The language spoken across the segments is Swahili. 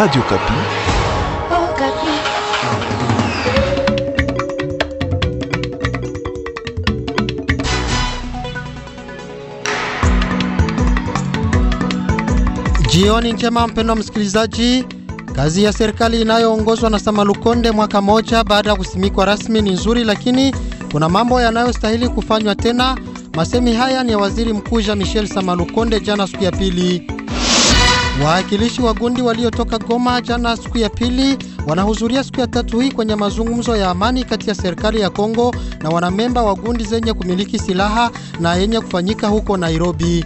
Radio Kapi. Oh, Kapi. Jioni njema mpendwa msikilizaji. Kazi ya serikali inayoongozwa na Samalukonde mwaka moja baada ya kusimikwa rasmi ni nzuri, lakini kuna mambo yanayostahili kufanywa tena. Masemi haya ni ya Waziri Mkuu Jean Michel Samalukonde jana siku ya pili. Waakilishi wa gundi waliotoka Goma jana siku ya pili wanahudhuria siku ya tatu hii kwenye mazungumzo ya amani kati ya serikali ya Kongo na wanamemba wa gundi zenye kumiliki silaha na yenye kufanyika huko Nairobi.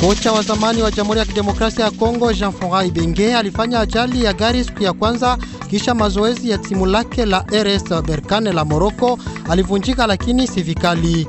Kocha wa zamani wa Jamhuri ya Kidemokrasia ya Kongo Jean-François Ibenge alifanya ajali ya gari siku ya kwanza kisha mazoezi ya timu lake la RS Berkane la Moroko, alivunjika lakini si vikali.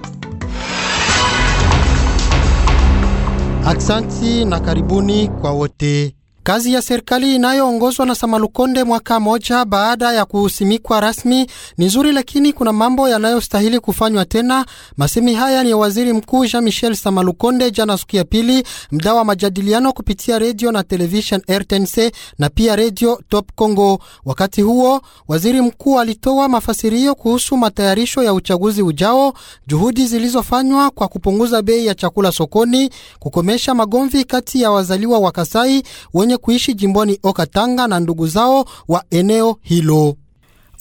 Aksanti na karibuni kwa wote. Kazi ya serikali inayoongozwa na Samalukonde mwaka moja baada ya kusimikwa rasmi ni nzuri, lakini kuna mambo yanayostahili kufanywa tena. Masemi haya ni ya waziri mkuu Jean Michel Samalukonde jana siku ya pili, mda wa majadiliano kupitia redio na television RTNC na pia redio Top Congo. Wakati huo waziri mkuu alitoa mafasirio kuhusu matayarisho ya uchaguzi ujao, juhudi zilizofanywa kwa kupunguza bei ya chakula sokoni, kukomesha magomvi kati ya wazaliwa wa Kasai wenye wenye kuishi jimboni Okatanga na ndugu zao wa eneo hilo.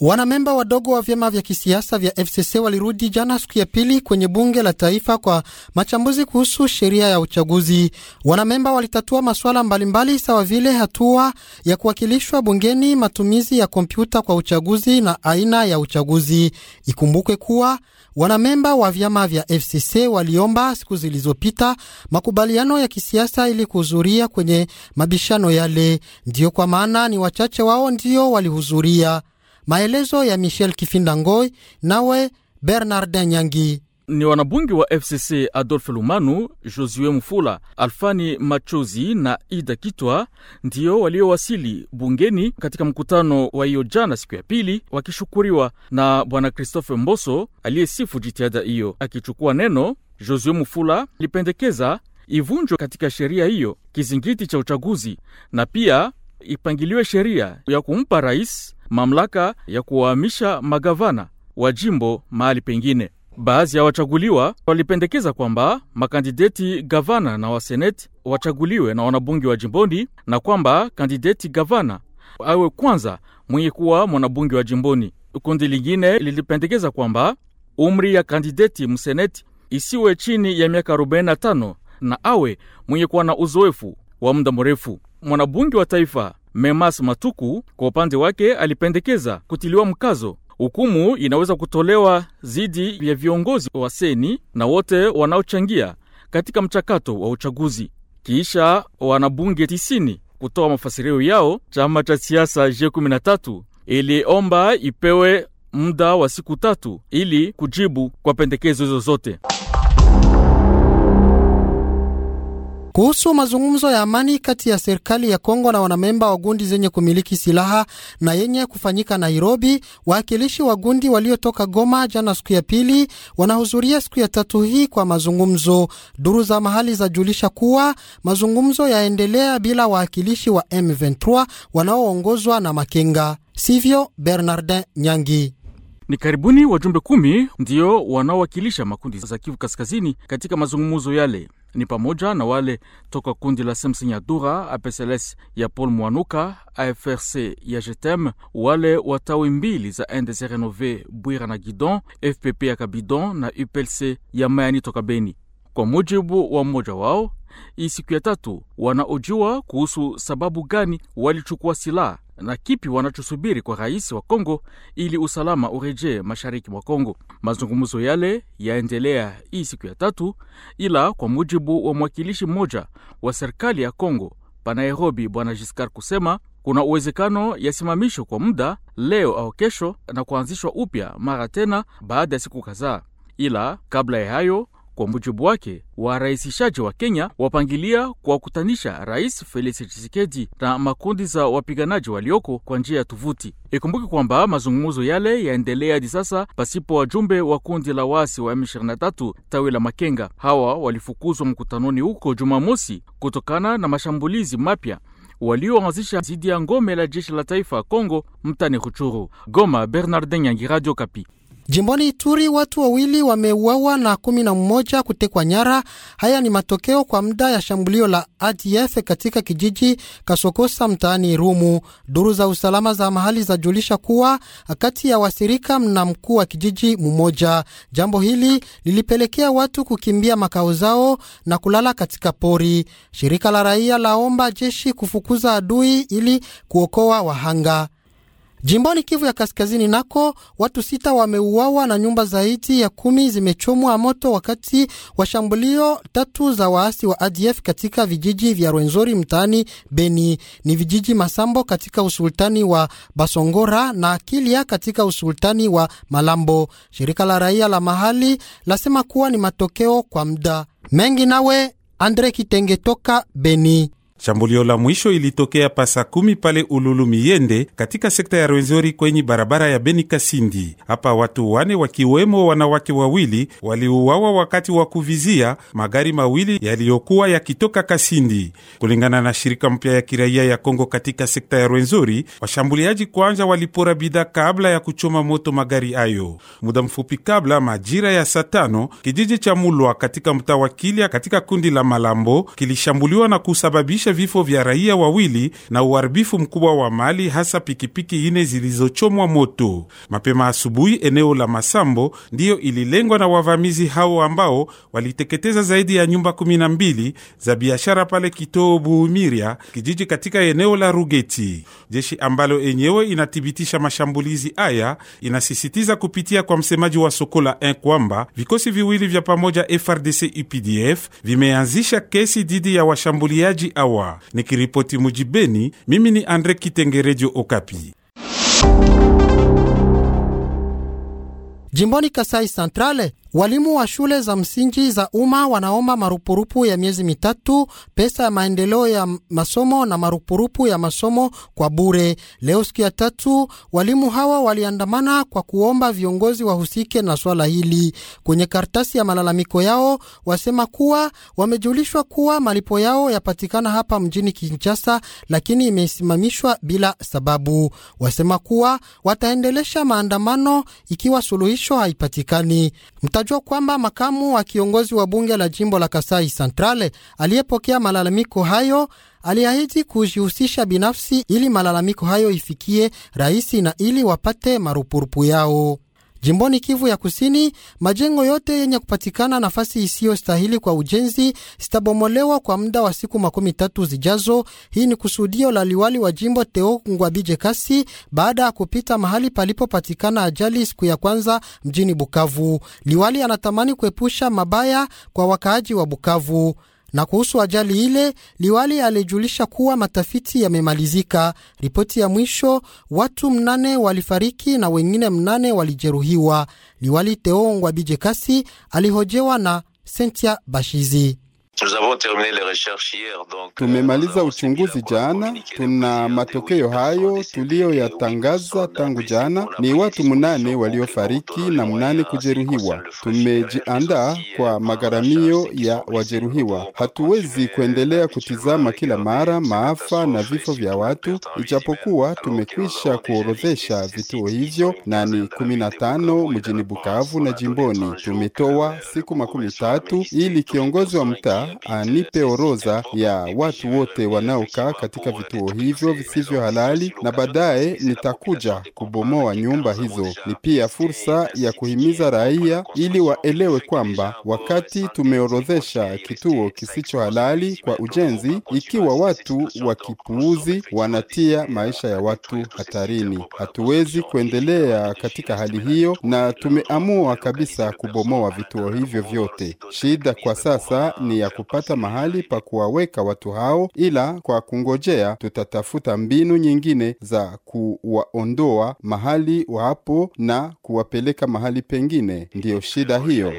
Wanamemba wadogo wa vyama vya kisiasa vya FCC walirudi jana siku ya pili kwenye bunge la taifa kwa machambuzi kuhusu sheria ya uchaguzi. Wanamemba walitatua masuala mbalimbali sawa vile hatua ya kuwakilishwa bungeni, matumizi ya kompyuta kwa uchaguzi na aina ya uchaguzi. Ikumbukwe kuwa Wanamemba wa vyama vya FCC waliomba siku zilizopita makubaliano ya kisiasa ili kuhudhuria kwenye mabishano yale, ndiyo kwa maana ni wachache wao ndio walihudhuria. Maelezo ya Michel Kifindangoi nawe Bernardin Nyangi ni wanabunge wa FCC adolfe Lumanu, Josue Mfula, Alfani Machozi na Ida Kitwa ndiyo waliowasili bungeni katika mkutano wa hiyo jana siku ya pili, wakishukuriwa na bwana Christophe Mboso aliyesifu jitihada hiyo. Akichukua neno, Josue Mfula alipendekeza ivunjwe katika sheria hiyo kizingiti cha uchaguzi na pia ipangiliwe sheria ya kumpa rais mamlaka ya kuwahamisha magavana wa jimbo mahali pengine. Baadhi ya wachaguliwa walipendekeza kwamba makandideti gavana na waseneti wachaguliwe na wanabunge wa jimboni na kwamba kandideti gavana awe kwanza mwenye kuwa mwanabunge wa jimboni. Kundi lingine lilipendekeza kwamba umri ya kandideti mseneti isiwe chini ya miaka 45 na awe mwenye kuwa na uzoefu wa muda mrefu. Mwanabunge wa taifa Memas Matuku kwa upande wake alipendekeza kutiliwa mkazo Hukumu inaweza kutolewa dhidi ya viongozi wa seni na wote wanaochangia katika mchakato wa uchaguzi. Kisha wanabunge 90 kutoa mafasirio yao, chama cha siasa G13 iliomba ipewe muda wa siku tatu ili kujibu kwa pendekezo hizo zote. kuhusu mazungumzo ya amani kati ya serikali ya Kongo na wanamemba wa gundi zenye kumiliki silaha na yenye kufanyika Nairobi. Waakilishi wa gundi waliotoka Goma jana siku ya pili wanahudhuria siku ya tatu hii kwa mazungumzo. Duru za mahali zajulisha kuwa mazungumzo yaendelea bila waakilishi wa M23 wanaoongozwa na Makenga, sivyo Bernardin Nyangi. Ni karibuni wajumbe kumi ndiyo wanaowakilisha makundi za Kivu Kaskazini katika mazungumzo yale ni pamoja na wale toka kundi la Semsenyadura, APCLS ya Paul Mwanuka, AFRC ya Jetem, wale wa tawi mbili za NDC Renove Bwira na Gidon, FPP ya Kabidon na UPLC ya Mayani toka Beni. Kwa mujibu wa mmoja wao, hii siku ya tatu wanaojiwa kuhusu sababu gani walichukua silaha na kipi wanachosubiri kwa rais wa Kongo ili usalama urejee mashariki mwa Kongo. Mazungumzo yale yaendelea hii siku ya tatu, ila kwa mujibu wa mwakilishi mmoja wa serikali ya Kongo pa Nairobi, Bwana Giscard kusema kuna uwezekano yasimamishwe kwa muda leo au kesho na kuanzishwa upya mara tena baada ya siku kadhaa, ila kabla ya hayo kwa mujibu wake, warahisishaji wa Kenya wapangilia kuwakutanisha Rais Felix Tshisekedi na makundi za wapiganaji walioko kwa njia ya tuvuti. Ikumbuke kwamba mazungumzo yale yaendelea hadi sasa pasipo wajumbe wa kundi la waasi wa M23 tawi la Makenga. Hawa walifukuzwa mkutanoni huko Jumamosi kutokana na mashambulizi mapya walioanzisha dhidi ya ngome la jeshi la taifa ya Kongo mtani Ruchuru. Goma, Bernardin Nyangi, Radio Kapi. Jimboni Ituri watu wawili wameuawa na kumi na mmoja kutekwa nyara. Haya ni matokeo kwa muda ya shambulio la ADF katika kijiji Kasokosa mtaani Rumu. Duru za usalama za mahali zajulisha kuwa kati ya wasirika mna mkuu wa kijiji mmoja. Jambo hili lilipelekea watu kukimbia makao zao na kulala katika pori. Shirika la raia laomba jeshi kufukuza adui ili kuokoa wahanga. Jimboni Kivu ya Kaskazini nako watu sita wameuawa na nyumba zaidi ya kumi zimechomwa moto wakati wa shambulio tatu za waasi wa ADF katika vijiji vya Rwenzori mtaani Beni. Ni vijiji Masambo katika usultani wa Basongora na Kilia katika usultani wa Malambo. Shirika la raia la mahali lasema kuwa ni matokeo kwa muda mengi. Nawe Andre Kitenge toka Beni. Shambulio la mwisho ilitokea pasa kumi pale Ululu Miyende katika sekta ya Rwenzori kwenye barabara ya Beni Kasindi. Hapa watu wane wakiwemo wanawake wawili waliuawa wakati wa kuvizia magari mawili yaliyokuwa yakitoka Kasindi, kulingana na shirika mpya ya kiraia ya Kongo katika sekta ya Rwenzori. Washambuliaji kwanza walipora bidhaa kabla ya kuchoma moto magari hayo. Muda mfupi kabla majira ya saa tano, kijiji cha Mulwa katika mtaa wa Kilya katika kundi la Malambo kilishambuliwa na kusababisha kusababisha vifo vya raia wawili na uharibifu mkubwa wa mali, hasa pikipiki ine zilizochomwa moto mapema asubuhi. Eneo la Masambo ndiyo ililengwa na wavamizi hao ambao waliteketeza zaidi ya nyumba 12 za biashara pale Kitoo Buumiria, kijiji katika eneo la Rugeti. Jeshi ambalo enyewe inathibitisha mashambulizi haya inasisitiza kupitia kwa msemaji wa Sokola 1 kwamba vikosi viwili vya pamoja FRDC UPDF vimeanzisha kesi dhidi ya washambuliaji aw Kawa. Nikiripoti mujibeni, mimi ni Andre Kitenge, Redio Okapi. Jimboni Kasai Centrale Walimu wa shule za msingi za umma wanaomba marupurupu ya miezi mitatu, pesa ya maendeleo ya masomo na marupurupu ya masomo kwa bure. Leo siku ya tatu, walimu hawa waliandamana kwa kuomba viongozi wahusike na swala hili. Kwenye karatasi ya malalamiko yao, wasema kuwa wamejulishwa kuwa malipo yao yapatikana hapa mjini Kinshasa, lakini imesimamishwa bila sababu. Wasema kuwa wataendelesha maandamano ikiwa suluhisho haipatikani. Utajua kwamba makamu wa kiongozi wa bunge la jimbo la Kasai Centrale aliyepokea malalamiko hayo aliahidi kujihusisha binafsi ili malalamiko hayo ifikie rais na ili wapate marupurupu yao. Jimboni Kivu ya Kusini, majengo yote yenye kupatikana nafasi isiyostahili kwa ujenzi zitabomolewa kwa muda wa siku makumi tatu zijazo. Hii ni kusudio la liwali wa jimbo Teo Ngwabije Kasi baada ya kupita mahali palipopatikana ajali siku ya kwanza mjini Bukavu. Liwali anatamani kuepusha mabaya kwa wakaaji wa Bukavu. Na kuhusu ajali ile, liwali alijulisha kuwa matafiti yamemalizika. Ripoti ya mwisho, watu mnane walifariki na wengine mnane walijeruhiwa. Liwali Teongwa Bijekasi alihojewa na Sentia Bashizi. Euh, Tumemaliza uchunguzi jana, tuna matokeo hayo tuliyoyatangaza tangu jana. Ni watu mnane waliofariki na mnane kujeruhiwa. Tumejiandaa euh, kwa magharamio ya wajeruhiwa. Hatuwezi kuendelea kutizama kila mara maafa na vifo vya watu, ijapokuwa tumekwisha kuorodhesha vituo hivyo na ni tano mjini Bukavu na jimboni. Tumetoa euh, siku makumi tatu ili kiongozi wa mtaa anipe uh, orodha ya watu wote wanaokaa katika vituo hivyo visivyo halali, na baadaye nitakuja kubomoa nyumba hizo. Ni pia fursa ya kuhimiza raia ili waelewe kwamba wakati tumeorodhesha kituo kisicho halali kwa ujenzi, ikiwa watu wakipuuzi, wanatia maisha ya watu hatarini. Hatuwezi kuendelea katika hali hiyo, na tumeamua kabisa kubomoa vituo hivyo vyote. Shida kwa sasa ni ya kupata mahali pa kuwaweka watu hao, ila kwa kungojea tutatafuta mbinu nyingine za kuwaondoa mahali wapo na kuwapeleka mahali pengine. Ndiyo shida hiyo.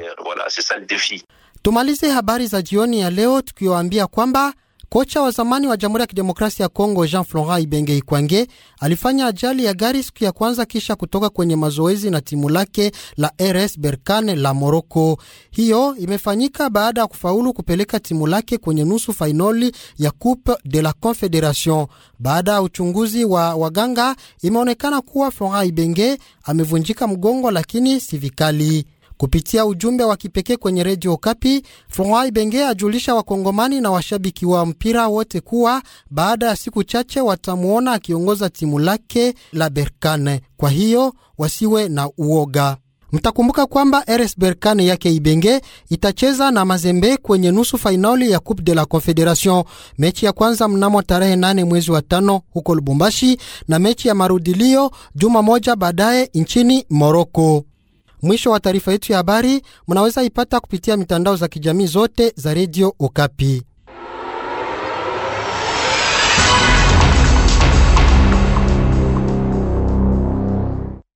Tumalize habari za jioni ya leo tukiwaambia kwamba Kocha wa zamani wa Jamhuri ya Kidemokrasia ya Kongo Jean Florent Ibenge Ikwange alifanya ajali ya gari siku ya kwanza kisha kutoka kwenye mazoezi na timu lake la RS Berkane la Moroko. Hiyo imefanyika baada ya kufaulu kupeleka timu lake kwenye nusu fainali ya Coupe de la Confederation. Baada ya uchunguzi wa waganga, imeonekana kuwa Florent Ibenge amevunjika mgongo, lakini si vikali. Kupitia ujumbe wa kipekee kwenye redio Kapi, Florent Ibenge ajulisha wakongomani na washabiki wa mpira wote kuwa baada ya siku chache watamwona akiongoza timu lake la Berkane, kwa hiyo wasiwe na uoga. Mtakumbuka kwamba RS Berkane yake Ibenge itacheza na Mazembe kwenye nusu fainali ya Coupe de la Confederation, mechi ya kwanza mnamo tarehe 8 mwezi wa tano huko Lubumbashi, na mechi ya marudilio juma moja baadaye nchini Moroko. Mwisho wa taarifa yetu ya habari, mnaweza ipata kupitia mitandao za kijamii zote za redio Okapi.